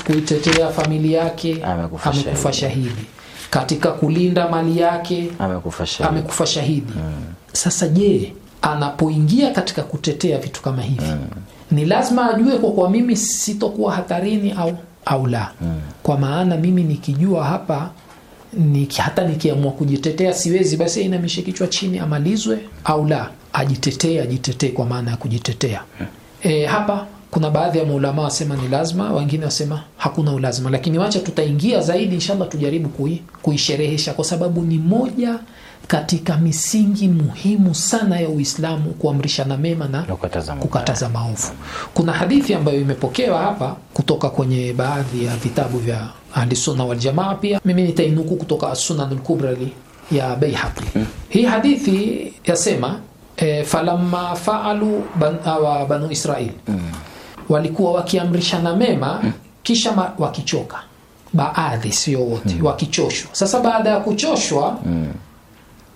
kuitetea familia yake amekufa, shahidi katika kulinda mali yake amekufa shahidi, hmm. Sasa je, anapoingia katika kutetea vitu kama hivi hmm. ni lazima ajue kwa kuwa mimi sitokuwa hatarini au au la hmm. kwa maana mimi nikijua hapa niki, hata nikiamua kujitetea siwezi, basi ainamishe kichwa chini amalizwe au la, ajitetee ajitetee kwa maana ya kujitetea hmm. e, hapa kuna baadhi ya maulama wasema ni lazima wengine wasema hakuna ulazima lakini wacha tutaingia zaidi inshallah tujaribu kui, kuisherehesha kwa sababu ni moja katika misingi muhimu sana ya Uislamu kuamrishana mema na kukataza maovu. Kuna hadithi ambayo imepokewa hapa kutoka kwenye baadhi ya vitabu vya Ahlusunna wal Jamaa, pia mimi nitainuku kutoka As-Sunan al-Kubra ya Baihaqi. Hmm. Hii hadithi yasema e, falamma faalu ban, awa banu Israil hmm walikuwa wakiamrishana mema kisha wakichoka baadhi sio wote mm. wakichoshwa sasa baada ya kuchoshwa mm.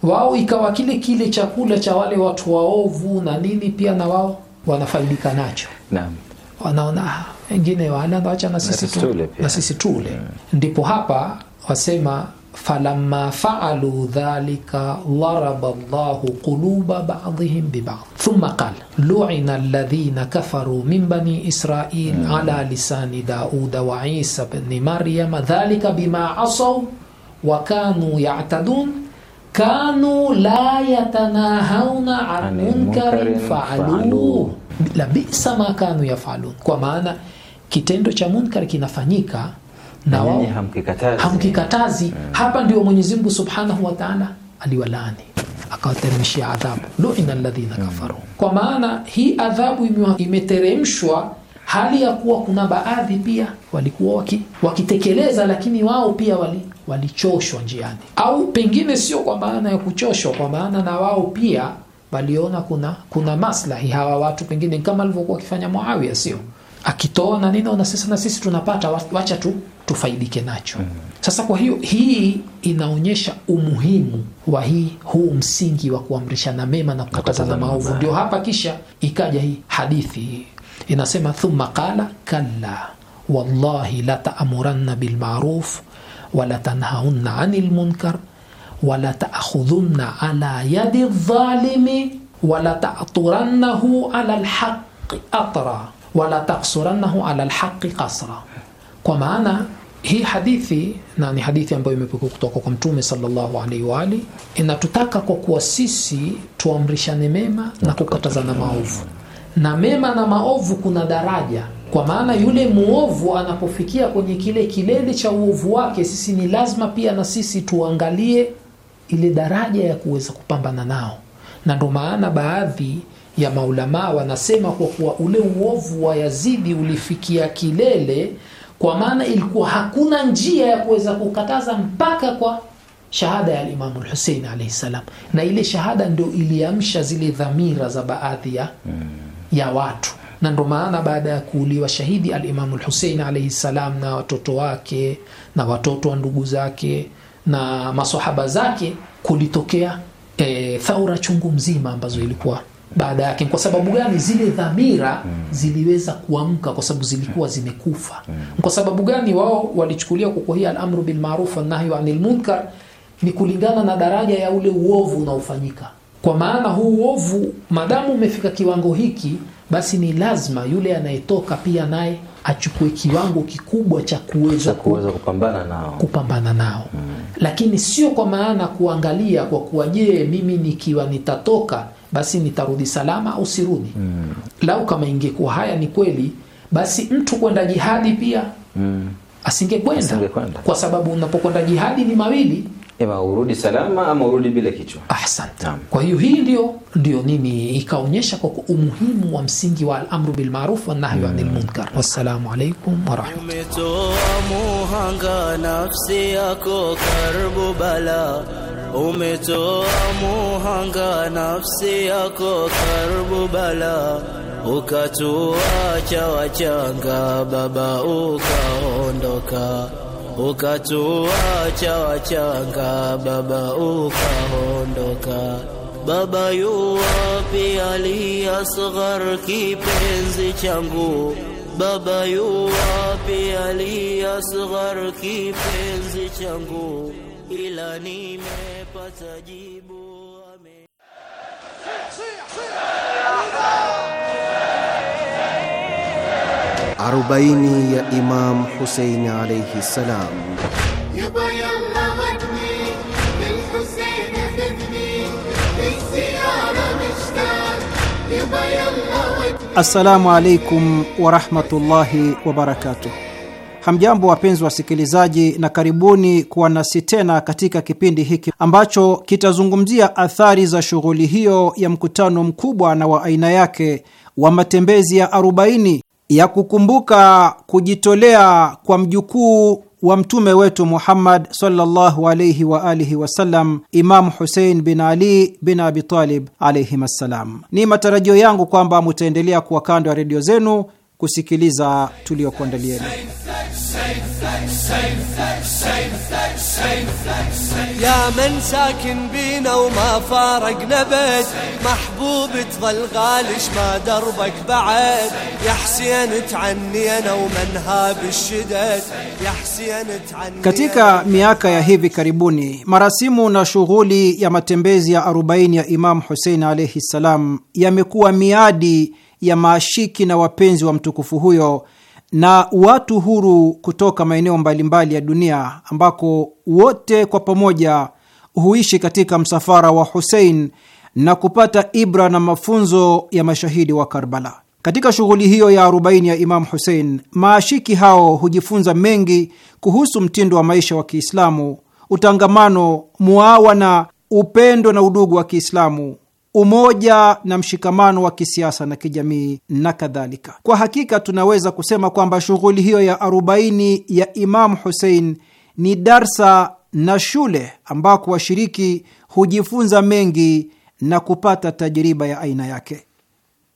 wao ikawa kile kile chakula cha wale watu waovu na nini pia na wao wanafaidika nacho naam wanaona ah, wengine wanaacha na sisi tule, na sisi tule. ndipo hapa wasema falamma faalu dhalika daraba llahu quluba badihim bibad thumma qal luina alladhina kafaru min bani israil mm. ala lisani dauda wa isa bni maryama dhalika bima asaw wa kanu yatadun kanu la yatanahauna an munkarin faaluhu labisa ma kanu yafalun kwa maana kitendo cha munkar kinafanyika na wao hamkikatazi, hamkikatazi. Mm. Hapa ndio Mwenyezi Mungu Subhanahu wa Ta'ala aliwalaani akawateremshia adhabu luina ladhina mm. kafaru, kwa maana hii adhabu imeteremshwa hali ya kuwa kuna baadhi pia walikuwa waki, wakitekeleza lakini wao pia wali walichoshwa njiani, au pengine sio kwa maana ya kuchoshwa, kwa maana na wao pia waliona kuna kuna maslahi hawa watu, pengine kama alivyokuwa akifanya muawia sio akitoa nini na sisi na sisi tunapata, wacha tu tufaidike nacho. mm -hmm. Sasa kwa hiyo hii inaonyesha umuhimu wa hii huu msingi wa kuamrishana mema na kukatazana maovu. Ndio hapa kisha ikaja hii hadithi inasema, thumma qala kalla wallahi la bilmaruf wala tanhaunna anil munkar wala taakhudhunna ala yadi dhalimi wala taaturannahu ala lhaqi atra wala taksurannahu ala lhaqi kasra kwa maana hii hadithi na ni hadithi ambayo imepokwa kutoka kwa Mtume sallallahu alaihi wa ali, inatutaka kwa kuwa sisi tuamrishane mema na kukatazana maovu, na mema na maovu kuna daraja kwa maana yule muovu anapofikia kwenye kile kilele cha uovu wake, sisi ni lazima pia na sisi tuangalie ile daraja ya kuweza kupambana nao, na ndo maana baadhi ya maulama wanasema kwa kuwa ule uovu wa Yazidi ulifikia kilele, kwa maana ilikuwa hakuna njia ya kuweza kukataza mpaka kwa shahada ya Imam al-Hussein alayhi salam, na ile shahada ndio iliamsha zile dhamira za baadhi ya, hmm. ya watu na ndo maana baada ya kuuliwa shahidi al-Imam al-Hussein alayhi salam na watoto wake na watoto wa ndugu zake na masahaba zake kulitokea e, thaura chungu mzima ambazo ilikuwa baada yake. Kwa sababu gani? Zile dhamira ziliweza kuamka kwa sababu zilikuwa zimekufa. Kwa sababu gani? Wao walichukulia kukuhia al-amru bil ma'ruf wa nahyu 'anil munkar ni kulingana na daraja ya ule uovu unaofanyika. Kwa maana huu uovu madamu umefika kiwango hiki, basi ni lazima yule anayetoka pia naye achukue kiwango kikubwa cha kuweza kupambana nao, kupambana nao. Mm. Lakini sio kwa maana kuangalia kwa kuwa je, mimi nikiwa nitatoka basi nitarudi salama au sirudi mm. lau kama ingekuwa haya ni kweli basi mtu kwenda jihadi pia mm. asingekwenda Asinge kwa sababu unapokwenda jihadi ni mawili ima urudi salama ama urudi bila kichwa ahsante kwa hiyo hii ndio ndio nini ikaonyesha kwa umuhimu wa msingi wa al-amru bil ma'ruf wa nahyi anil mm. munkar wassalamu alaykum wa rahmatullahi muhanga nafsi yako karbu umetoa muhanga nafsi yako Karbala, ukatuacha wachanga baba, ukaondoka ukatuacha wachanga baba, ukaondoka. Baba, yu wapi Ali Asghar, kipenzi changu? Baba, yu Ali Asghar, kipenzi changu? ila nime فاستجيبوا أمين arobaini ya Imam Husein alayhi salam. Assalamu alaikum warahmatullahi wabarakatuh. Hamjambo, wapenzi wasikilizaji, na karibuni kuwa nasi tena katika kipindi hiki ambacho kitazungumzia athari za shughuli hiyo ya mkutano mkubwa na wa aina yake wa matembezi ya 40 ya kukumbuka kujitolea kwa mjukuu wa mtume wetu Muhammad sallallahu alayhi wa alihi wasallam, Imamu Husein bin Ali bin Abi Talib alayhim assalam. Ni matarajio yangu kwamba mutaendelea kuwa kando ya redio zenu kusikiliza tuliokuandalieni. يا من ساكن بينا وما فارقنا بيت محبوب تظل غالش ما دربك بعد يا حسين تعنينا ومنها بالشدد يا حسين تعنينا. Katika miaka ya hivi karibuni marasimu na shughuli ya matembezi ya 40 ya Imam Hussein alayhi salam yamekuwa miadi ya maashiki na wapenzi wa mtukufu huyo na watu huru kutoka maeneo mbalimbali ya dunia ambako wote kwa pamoja huishi katika msafara wa Husein na kupata ibra na mafunzo ya mashahidi wa Karbala. Katika shughuli hiyo ya 40 ya Imamu Husein, maashiki hao hujifunza mengi kuhusu mtindo wa maisha wa Kiislamu, utangamano, muawana, upendo na udugu wa Kiislamu, umoja na mshikamano wa kisiasa na kijamii na kadhalika. Kwa hakika tunaweza kusema kwamba shughuli hiyo ya arobaini ya Imamu Husein ni darsa na shule ambako washiriki hujifunza mengi na kupata tajiriba ya aina yake.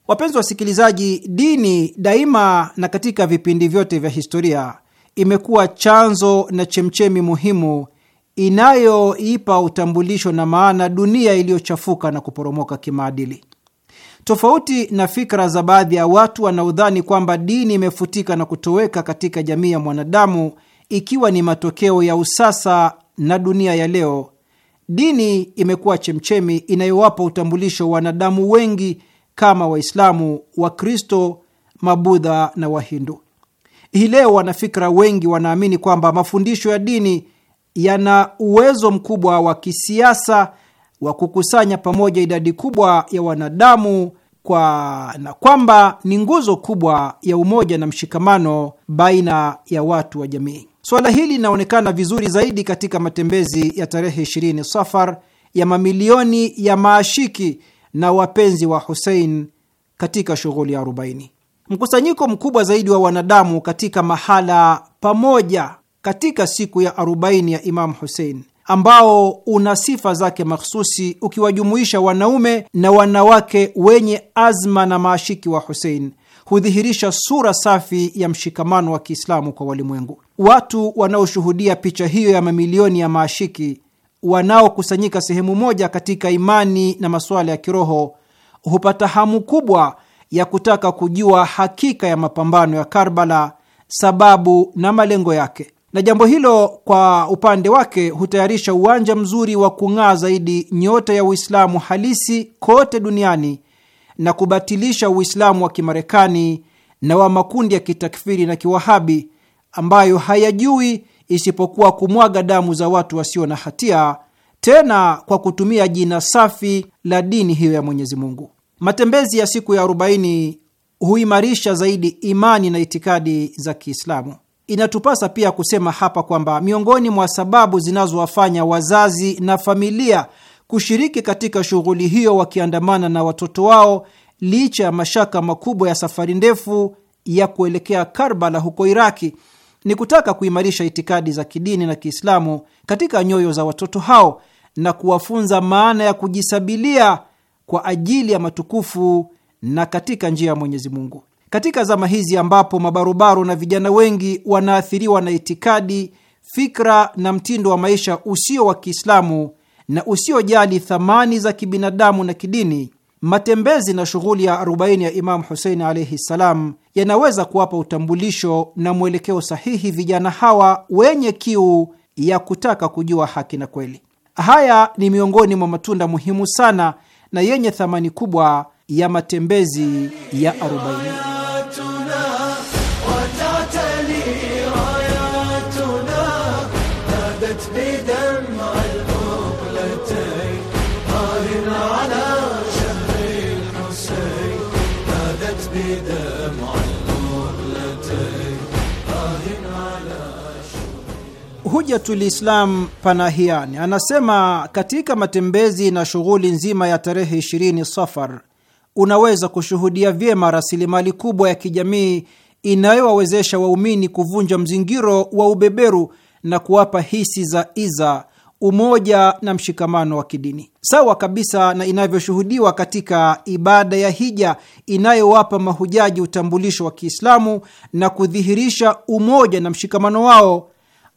Wapenzi wasikilizaji, dini daima na katika vipindi vyote vya historia imekuwa chanzo na chemchemi muhimu inayoipa utambulisho na maana dunia iliyochafuka na kuporomoka kimaadili. Tofauti na fikra za baadhi ya watu wanaodhani kwamba dini imefutika na kutoweka katika jamii ya mwanadamu ikiwa ni matokeo ya usasa na dunia ya leo, dini imekuwa chemchemi inayowapa utambulisho wanadamu wengi kama Waislamu, Wakristo, Mabudha na Wahindu. Hii leo wanafikra wengi wanaamini kwamba mafundisho ya dini yana uwezo mkubwa wa kisiasa wa kukusanya pamoja idadi kubwa ya wanadamu kwa na kwamba ni nguzo kubwa ya umoja na mshikamano baina ya watu wa jamii. Suala hili linaonekana vizuri zaidi katika matembezi ya tarehe 20 Safar ya mamilioni ya maashiki na wapenzi wa Husein katika shughuli ya 40. Mkusanyiko mkubwa zaidi wa wanadamu katika mahala pamoja katika siku ya arobaini ya Imamu Husein ambao una sifa zake makhususi ukiwajumuisha wanaume na wanawake wenye azma na maashiki wa Husein hudhihirisha sura safi ya mshikamano wa Kiislamu kwa walimwengu. Watu wanaoshuhudia picha hiyo ya mamilioni ya maashiki wanaokusanyika sehemu moja katika imani na masuala ya kiroho hupata hamu kubwa ya kutaka kujua hakika ya mapambano ya Karbala, sababu na malengo yake na jambo hilo kwa upande wake hutayarisha uwanja mzuri wa kung'aa zaidi nyota ya Uislamu halisi kote duniani na kubatilisha Uislamu wa Kimarekani na wa makundi ya kitakfiri na kiwahabi ambayo hayajui isipokuwa kumwaga damu za watu wasio na hatia, tena kwa kutumia jina safi la dini hiyo ya Mwenyezi Mungu. Matembezi ya siku ya 40 huimarisha zaidi imani na itikadi za Kiislamu. Inatupasa pia kusema hapa kwamba miongoni mwa sababu zinazowafanya wazazi na familia kushiriki katika shughuli hiyo wakiandamana na watoto wao, licha ya mashaka makubwa ya safari ndefu ya kuelekea Karbala huko Iraki, ni kutaka kuimarisha itikadi za kidini na Kiislamu katika nyoyo za watoto hao na kuwafunza maana ya kujisabilia kwa ajili ya matukufu na katika njia ya Mwenyezi Mungu. Katika zama hizi ambapo mabarubaru na vijana wengi wanaathiriwa na itikadi, fikra na mtindo wa maisha usio wa Kiislamu na usiojali thamani za kibinadamu na kidini, matembezi na shughuli ya 40 ya Imamu Husein alaihi ssalam yanaweza kuwapa utambulisho na mwelekeo sahihi vijana hawa wenye kiu ya kutaka kujua haki na kweli. Haya ni miongoni mwa matunda muhimu sana na yenye thamani kubwa ya matembezi ya arobaini. Hujatul Islam Panahian anasema katika matembezi na shughuli nzima ya tarehe 20 Safar unaweza kushuhudia vyema rasilimali kubwa ya kijamii inayowawezesha waumini kuvunja mzingiro wa ubeberu na kuwapa hisi za iza, umoja na mshikamano wa kidini, sawa kabisa na inavyoshuhudiwa katika ibada ya hija inayowapa mahujaji utambulisho wa Kiislamu na kudhihirisha umoja na mshikamano wao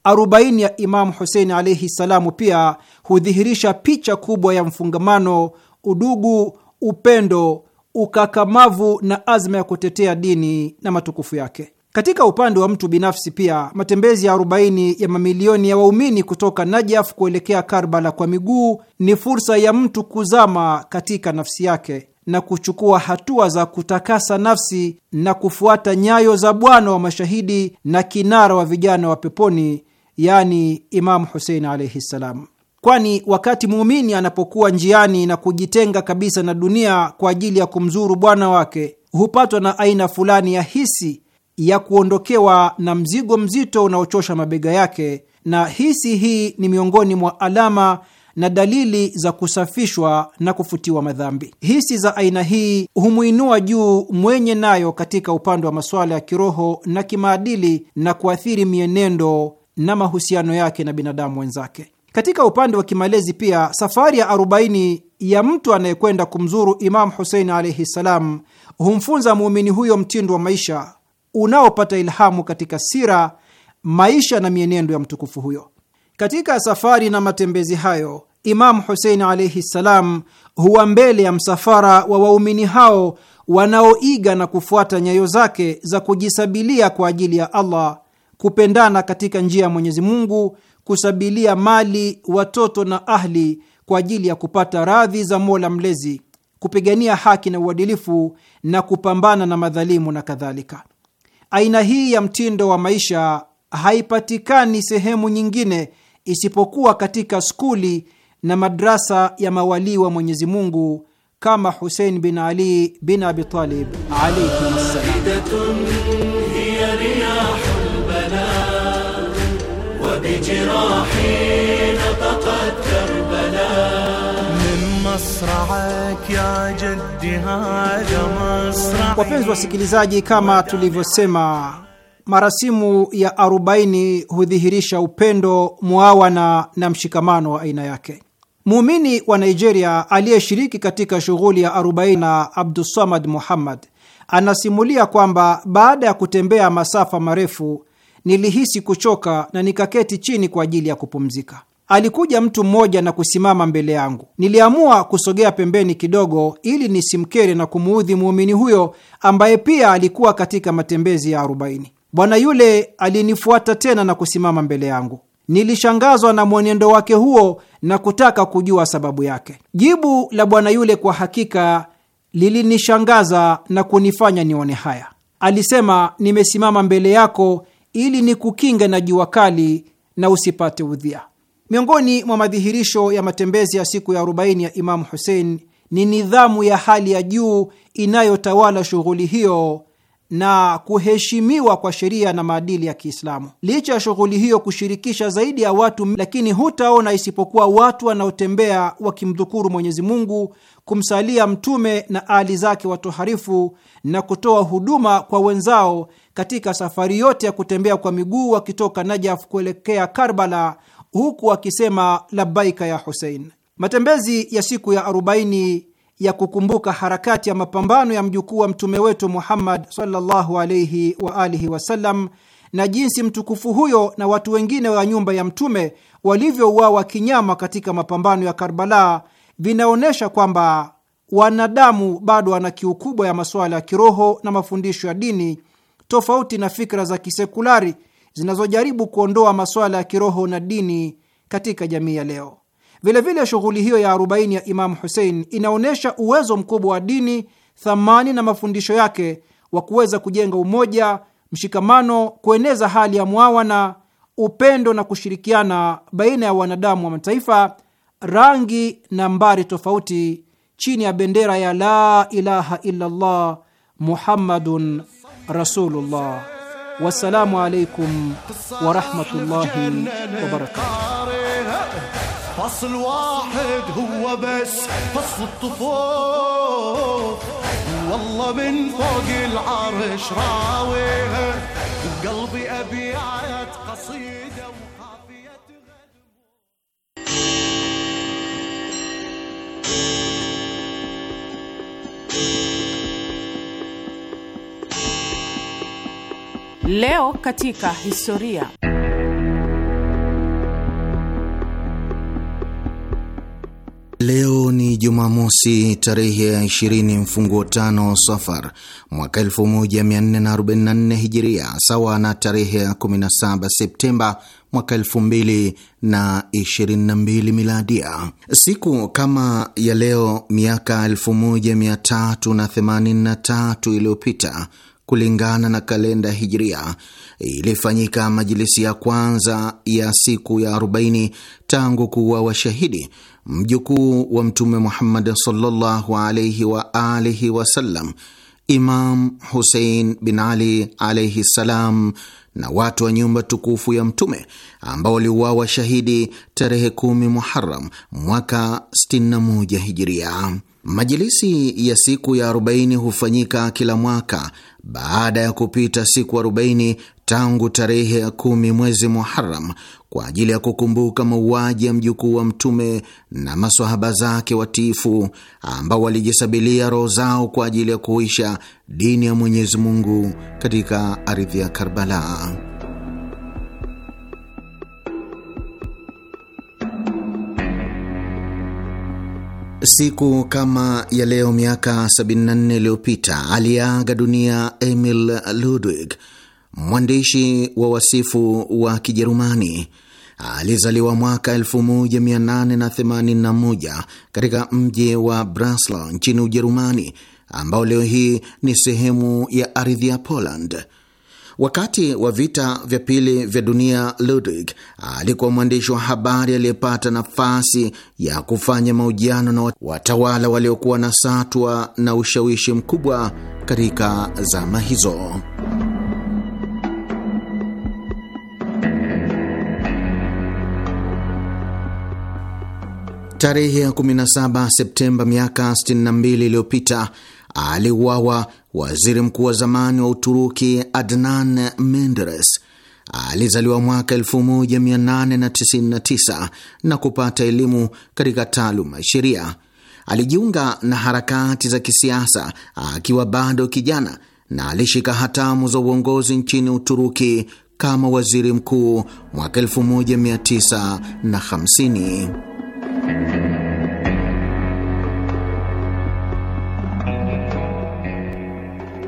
arobaini ya Imamu Husein alaihi ssalamu pia hudhihirisha picha kubwa ya mfungamano, udugu, upendo, ukakamavu na azma ya kutetea dini na matukufu yake. Katika upande wa mtu binafsi pia, matembezi ya 40 ya mamilioni ya waumini kutoka Najaf kuelekea Karbala kwa miguu ni fursa ya mtu kuzama katika nafsi yake na kuchukua hatua za kutakasa nafsi na kufuata nyayo za Bwana wa mashahidi na kinara wa vijana wa peponi yani Imamu Husein alaihi ssalam, kwani wakati muumini anapokuwa njiani na kujitenga kabisa na dunia kwa ajili ya kumzuru bwana wake hupatwa na aina fulani ya hisi ya kuondokewa na mzigo mzito unaochosha mabega yake, na hisi hii ni miongoni mwa alama na dalili za kusafishwa na kufutiwa madhambi. Hisi za aina hii humwinua juu mwenye nayo katika upande wa masuala ya kiroho na kimaadili na kuathiri mienendo na mahusiano yake na binadamu wenzake. Katika upande wa kimalezi pia, safari ya arobaini ya mtu anayekwenda kumzuru Imamu Husein alaihi ssalam humfunza muumini huyo mtindo wa maisha unaopata ilhamu katika sira, maisha na mienendo ya mtukufu huyo. Katika safari na matembezi hayo, Imamu Husein alaihi ssalam huwa mbele ya msafara wa waumini hao wanaoiga na kufuata nyayo zake za kujisabilia kwa ajili ya Allah kupendana katika njia ya Mwenyezi Mungu, kusabilia mali, watoto na ahli kwa ajili ya kupata radhi za Mola Mlezi, kupigania haki na uadilifu na kupambana na madhalimu na kadhalika. Aina hii ya mtindo wa maisha haipatikani sehemu nyingine isipokuwa katika skuli na madrasa ya mawalii wa Mwenyezi Mungu kama Husein bin Ali bin Abi Talib بجراحي نطقت Wapenzi wasikilizaji, kama tulivyosema marasimu ya arobaini hudhihirisha upendo, mwawana na mshikamano wa aina yake. Muumini wa Nigeria aliyeshiriki katika shughuli ya 40 na Abdussamad Muhammad anasimulia kwamba baada ya kutembea masafa marefu nilihisi kuchoka na nikaketi chini kwa ajili ya kupumzika. Alikuja mtu mmoja na kusimama mbele yangu. Niliamua kusogea pembeni kidogo ili nisimkere na kumuudhi muumini huyo ambaye pia alikuwa katika matembezi ya arobaini. Bwana yule alinifuata tena na kusimama mbele yangu. Nilishangazwa na mwenendo wake huo na kutaka kujua sababu yake. Jibu la bwana yule kwa hakika lilinishangaza na kunifanya nione haya. Alisema, nimesimama mbele yako ili ni kukinga na jua kali na usipate udhia. Miongoni mwa madhihirisho ya matembezi ya siku ya 40 ya Imamu Husein ni nidhamu ya hali ya juu inayotawala shughuli hiyo na kuheshimiwa kwa sheria na maadili ya Kiislamu. Licha ya shughuli hiyo kushirikisha zaidi ya watu, lakini hutaona isipokuwa watu wanaotembea wakimdhukuru Mwenyezi Mungu, kumsalia Mtume na ali zake watoharifu na kutoa huduma kwa wenzao katika safari yote ya kutembea kwa miguu wakitoka Najaf kuelekea Karbala, huku wakisema labaika ya Husein. Matembezi ya siku ya 40 ya kukumbuka harakati ya mapambano ya mjukuu wa mtume wetu Muhammad sallallahu alaihi wa alihi wasallam na jinsi mtukufu huyo na watu wengine wa nyumba ya mtume walivyouawa kinyama katika mapambano ya Karbala vinaonyesha kwamba wanadamu bado wana kiu kubwa ya masuala ya kiroho na mafundisho ya dini tofauti na fikra za kisekulari zinazojaribu kuondoa masuala ya kiroho na dini katika jamii ya leo. Vilevile, shughuli hiyo ya 40 ya Imamu Husein inaonyesha uwezo mkubwa wa dini, thamani na mafundisho yake wa kuweza kujenga umoja, mshikamano, kueneza hali ya mwawana, upendo na kushirikiana baina ya wanadamu wa mataifa, rangi na mbari tofauti chini ya bendera ya la ilaha illallah muhammadun رسول الله والسلام عليكم ورحمة الله وبركاته فصل واحد هو بس فصل الطفوف والله من فوق العرش راويها قلبي أبيعت قصيدة Leo katika historia. Leo ni Jumamosi tarehe ya 20 mfunguo tano Safar mwaka 1444 Hijiria, sawa na tarehe ya 17 Septemba mwaka 222 Miladia. Siku kama ya leo miaka 1383 iliyopita kulingana na kalenda Hijria, ilifanyika majilisi ya kwanza ya siku ya 40 tangu kuwa washahidi mjukuu wa Mtume Muhammad sallallahu alaihi wa alihi wasallam, Imam Husein bin Ali alaihi ssalam na watu wa nyumba tukufu ya Mtume ambao waliuawa shahidi tarehe kumi Muharam mwaka 61 Hijiria. Majilisi ya siku ya 40 hufanyika kila mwaka baada ya kupita siku 40 tangu tarehe ya kumi mwezi Muharam kwa ajili ya kukumbuka mauaji ya mjukuu wa Mtume na maswahaba zake watiifu ambao walijisabilia roho zao kwa ajili ya kuisha dini ya Mwenyezi Mungu katika ardhi ya Karbala. Siku kama ya leo miaka 74 iliyopita aliaga dunia Emil Ludwig, mwandishi wa wasifu wa Kijerumani. Alizaliwa mwaka 1881 katika mji wa Breslau nchini Ujerumani, ambao leo hii ni sehemu ya ardhi ya Poland. Wakati wa vita vya pili vya dunia, Ludwig alikuwa mwandishi wa habari aliyepata nafasi ya kufanya mahojiano na watawala waliokuwa na satwa na ushawishi mkubwa katika zama hizo. Tarehe ya 17 Septemba miaka 62 iliyopita aliuawa Waziri mkuu wa zamani wa Uturuki Adnan Menderes alizaliwa mwaka 1899 na kupata elimu katika taaluma ya sheria. Alijiunga na harakati za kisiasa akiwa bado kijana na alishika hatamu za uongozi nchini Uturuki kama waziri mkuu mwaka 1950.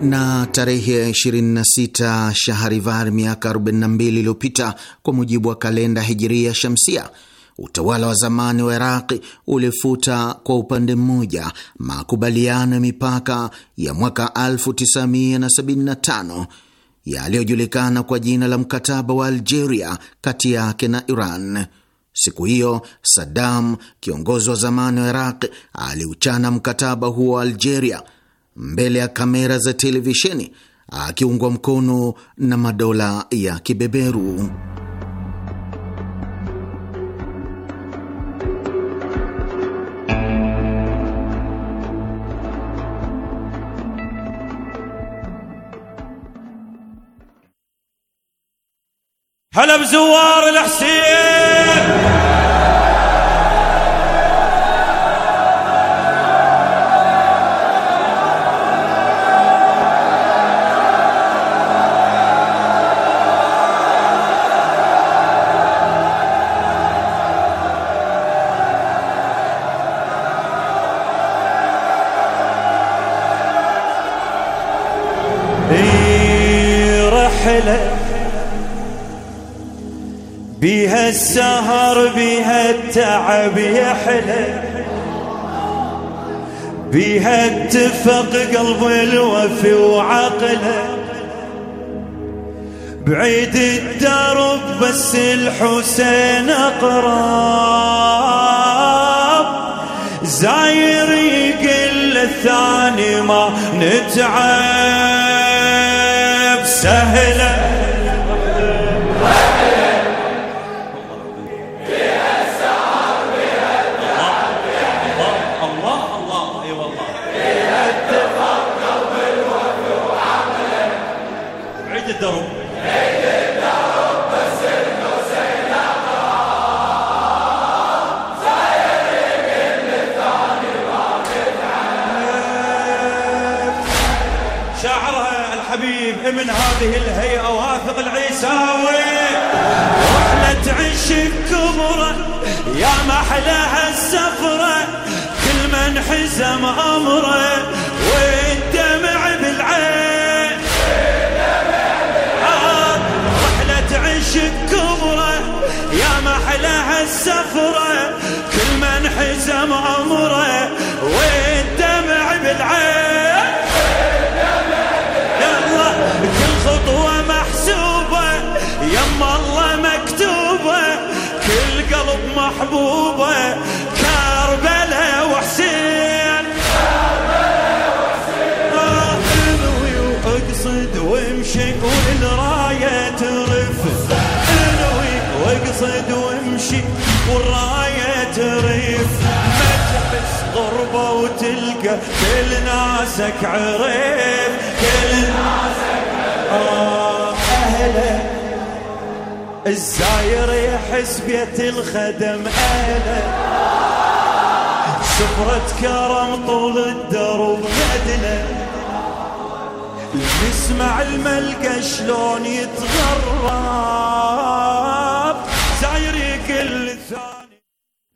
na tarehe 26 Shahrivar miaka 42 iliyopita kwa mujibu wa kalenda Hijiria Shamsia, utawala wa zamani wa Iraqi ulifuta kwa upande mmoja makubaliano ya mipaka ya mwaka 1975 yaliyojulikana kwa jina la mkataba wa Algeria kati yake na Iran. Siku hiyo Saddam, kiongozi wa zamani wa Iraqi, aliuchana mkataba huo wa Algeria mbele ya kamera za televisheni akiungwa mkono na madola ya kibeberu. هلا بزوار الحسين الربعة حلا بيها اتفق قلب الوفي وعقله بعيد الدرب بس الحسين اقرب زاير يقل الثاني ما نتعب سهله يعيش كبره يا محلى هالسفره كل من حزم امره والدمع بالعين آه، رحله عشق كبره يا محلى هالسفره كل ناسك عرف كل ناسك عرف آه، أهله الزاير يحس بيت الخدم أهله سفرة كرم طول الدرب مدنة نسمع الملقى شلون يتغرب